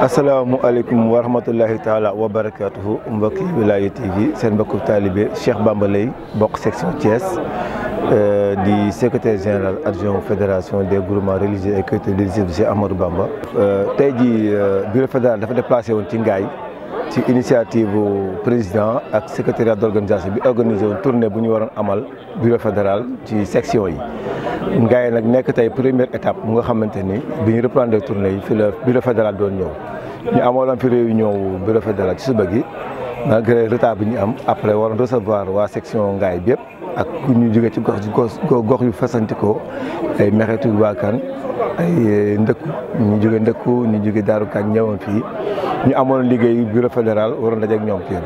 asalaamualeykum wa rahmatullahi taala wa barakaatuhu mbokki Wilaya jii seen mbokku taalibe Cheikh Bamba Leye bokk section Thiès euh, di secretaire général adjoint fédération des groupements religieux et culturels de Cheikh Ahmadou Bamba. Euh, tey jii euh, bureau fédéral dafa déplacé woon ci Ngaye. ci initiative président ak secrétariat d'organisation bi organisé woon tournée bu ñu waroon amal bureau fédéral ci section yi Ngaye nag nekk tey première étape mu nga xamante ni bi ñu reprendre tournée yi fi la bureau fédéral doon ñëw ñu amaloon fi réunion bureau fédéral ci suba gi malgré retard bi ñu am après waroon recevoir waa section Ngaye bi yëpp ak ku ñu jóge ci gox gox gox yu fasantikoo ay mexetu waakan ay ndëkku ñu jóge ndëkku ñu jóge daarukaan ñëwoon fii ñu amoon liggéey bureau fédéral waroon dajeek ñoom fii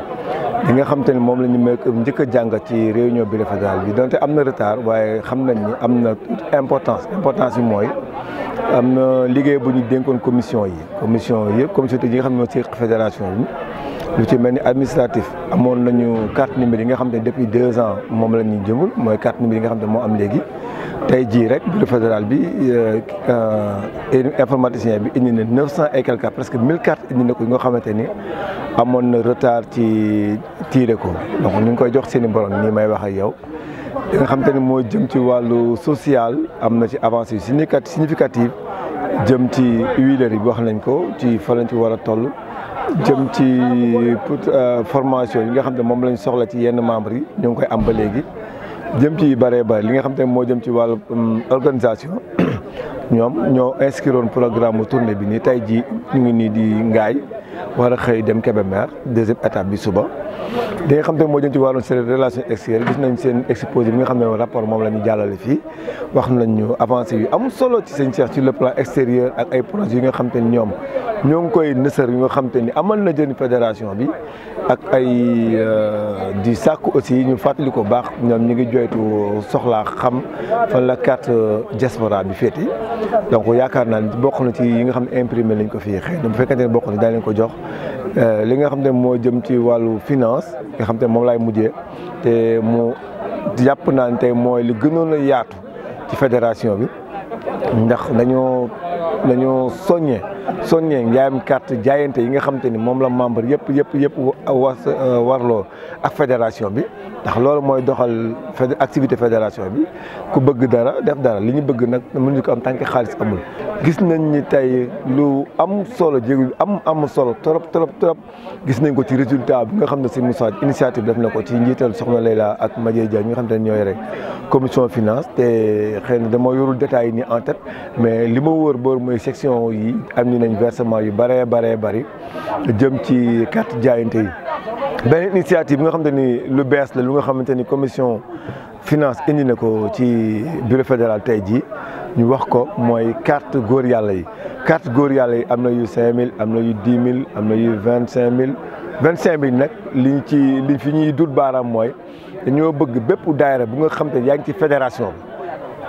li nga xam te ne moom la ñu may njëkk a jàng ci réunion bureau fédéral bi donte am na retard waaye xam nañ ni am na importance importance yi mooy am na liggéey bu ñu dénkoon commission yi commission yëpp commission yi nga xam ne moo ci fédération yi lu ci mel ni administratif amoon nañu carte numéro yi nga xam ne depuis deux ans moom la ñuy jëmul mooy carte numéro yi nga xam ne moo am léegi tey jii rek bureau fédéral bi euh, euh, informaticien bi indi na neuf cent et quelques presque mille cartes indi na ko nga xamante amoon na retard ci tiire ko donc ñu ngi koy jox seen i borom nii may wax ak yow. nga xamante ni moo jëm ci wàllu social am na ci avancée significative jëm ci huileries yi wax nañ ko ci fa lañ ci war a toll. jëm ci euh, formation yi nga xam ne moom lañ soxla ci yenn membres yi ñu ngi koy am ba léegi jëm ci yu bëree bëri li nga xam ne moo jëm ci wàll organisation ñoom ñoo inscriroon programme mu tournée bi nii tey jii ñu ngi nii di ngaay war a xëy dem Kébémer deuxième étape bi suba. li nga xam te moo jëm ci wàllum seen relation extérieure gis nañ seen exposé bi nga xam ne rapport moom la ñu jàllale fii wax nañ ñu avancé yu am solo ci seen Cheikh ci le plan extérieur ak ay projets yi nga xam te ñoom ñoo ngi koy nësër yu nga xam ni amal na jëriñ fédération bi ak ay euh, di sàkk aussi ñu fàttali ko baax ñoom ñu ngi joytu soxla xam fan la carte euh, diaspora bi féete donc yaakaar naa ne bokk na ci yi nga xam ne imprime lañ ko fii xëy na mu fekkente ne bokk na daa leen ko jox euh, li nga xam ne moo jëm ci wàllu finance nga xam ne moom laay mujjee te mu jàpp naa ne tey mooy li gënoon a yaatu ci fédération bi ndax dañoo dañoo soññee soññee njaayam carte jaayante yi nga xam ni moom la membre yëpp yëpp yëpp was euh, warloo ak fédération bi ndax loolu mooy doxal activité fédération bi ku bëgg dara def dara li ñu bëgg nag mënuñu ko am tànk xaalis amul. gis nañ ni tey lu am solo jéegu am am solo torop trop trop gis nañ ko ci résultat bi nga xam ne si Moussa initiative def na ko ci njiital Soxna Leyla ak Madiaye Dia ñi nga xam te ne ñooy rek commission finance te xëy na dama yorul détails yi nii en tête mais li ma wóor boor mooy section yi ni nañ versement yu bëree bëree bari jëm ci carte jaayante yi beneen initiative bi nga xamante ni lu bees la lu nga xamante ni commission finance indi na ko ci bureau fédéral tey jii ñu wax ko mooy carte góor yàlla yi carte góor yàlla yi am na yu cinq mille am na yu dix mille am na yu vingt cinq mille vingt cinq mille nag liñ ci liñ fi ñuy dut baaraam mooy dañoo bëgg bépp daayira bu nga xam yaa ngi ci fédération bi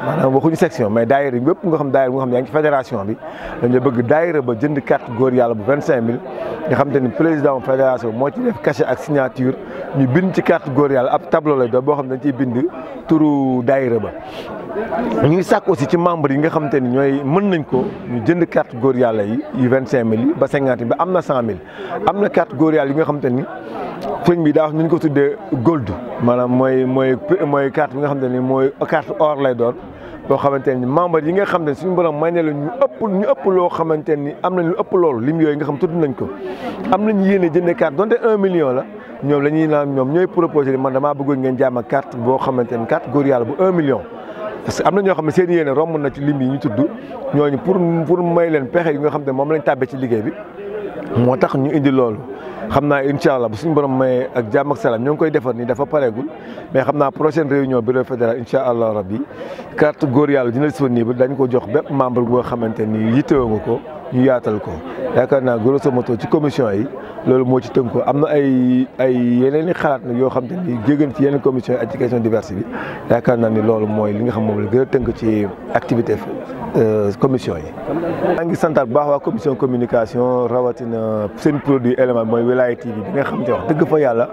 maanaam waxuñu section mais daayira bépp nga xam daayira bi nga xam ne yaa ngi ci fédération bi dañu bëgg daayira ba jënd carte góor yàlla bu vingt cinq mille nga xam te ni président fédération moo ci def cachet ñu bind ci carte góor yàlla ab tableau lay doon boo xam ne dañ ciy bind turu daayira ba ñu ngi sàkk aussi ci membre yi nga xam ni ñooy mën nañ ko ñu jënd carte góor yàlla yi yu vingt cinq mille yi ba cinquante mille ba am na cent mille am na carte góor yàlla yi nga xam te ni sëñ bi daa wax ko tuddee gold maanaam mooy mooy mooy carte bi nga xam te ni mooy carte or lay doon loo xamante ni membre yi nga xam ne suñu borom may ne la ñu ëpp loo xamante ni am nañ lu ëpp loolu lim yooyu nga xam tudd nañ ko am nañ yéene jënd carte donte un million la ñoom la ñuy naan ñoom ñooy proposé man damaa bëggoon ngeen jaama carte boo xamante ni carte góor yàlla bu un million parce am na ñoo xam ne seen yéene romb na ci lim yi ñu tudd ñooñu pour pour may leen pexe yi nga xam ne moom lañ tàbbee ci liggéey bi moo tax ñu indi loolu xam naa incha allah bu suñu borom mayee ak jàmm ak salaam ñoo ngi koy defar nii dafa pareegul mais xam naa prochaine réunion bureau fédéral incha allah rabbi carte góor yàlla dina disponible dañ ko jox bépp membre bu nga xamante ni yittewoo nga ko. ñu yaatal ko yaakaar naa grosso modo ci commission yi loolu moo ci tënk ko am na ay ay yeneen i xalaat na yoo xam te ni jéggan ci yenn commission yi éducation diverse bi yaakaar naa ni loolu mooy li nga xam moom la gën a tënk ci activité euh, commission yi. maa ngi santaat bu baax waa commission communication rawatina seen produit élément mooy wilaay TV bi nga xam te wax fa yàlla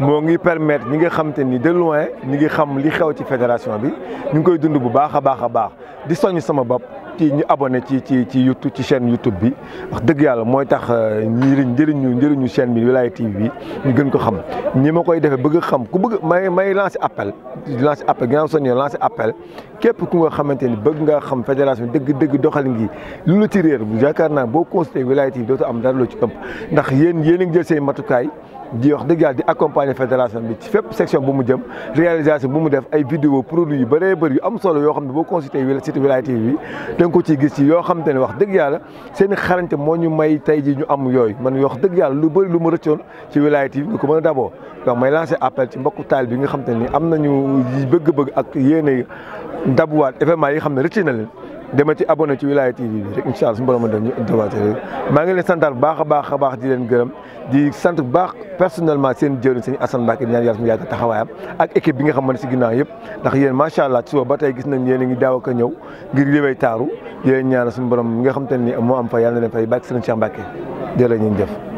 moo ngi permettre ñi nga xam te ni de loin ñi ngi xam li xew ci fédération bi ñu ngi koy dund bu baax a baax a baax di soññ sama bopp. ci ñu abonné ci ci ci YouTube ci chaîne YouTube bi wax dëgg yàlla mooy tax euh, ñi njëriñu njëriñu chaîne bi Wilaya TV bi ñu gën ko xam ñi ma koy defee bëgg xam ku bëgg may may lancé appel lance appel ginnaaw son yoon lancé appel képp ku nga xamante ni bëgg nga xam fédération dëgg dëgg doxalin gi lu la ci bu yaakaar naa boo constaté Wilaya TV dootu am daal loo ci ëpp ndax yéen yéen a ngi jël seen matukaay di wax dëgg yàlla di accompagner fédération bi ci fépp section bu mu jëm réalisation bu mu def ay vidéo produit yu bëree bëri yu am solo yoo xam ne boo consulté site Wilaya TV bi da nga ko ciy gis yoo xam te ne wax dëgg yàlla seen xarañte moo ñu may tey ji ñu am yooyu man wax dëgg yàlla lu bëri lu ma rëccoon ci Wilaya TV nga ko mën a daboo donc may lancer appel ci mbokku taal bi nga xam te ni am nañu bëgg-bëgg ak yéene dabuwaat événement yi xam ne rëcc na leen dama ci abonné ci Wilaya TV bi rek incha allah suñu borom a dem rek maa ngi leen santaat bu baax a baax a baax di leen gërëm di sant bu baax personnellement seen jëriñ seen assan Mbacke di ñaan yàlla mu yàgg taxawaayam ak équipe bi nga si ginnaaw yëpp ndax yéen macha allah suba ba gis nañ yéen a daaw ak a ñëw ngir léway taaru yéen ñaanal suñu borom mi nga xam te ne moo am fa yàlla na leen fay bàkk seen Cheikh Mbacke jërë ngeen